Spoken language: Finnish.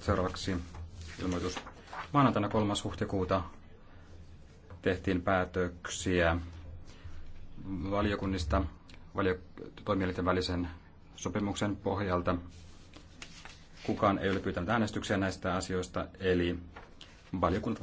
Seuraavaksi ilmoitus. Maanantaina 3. huhtikuuta tehtiin päätöksiä valiokunnista toimielinten välisen sopimuksen pohjalta. Kukaan ei ole pyytänyt äänestyksiä näistä asioista, eli valiokunta.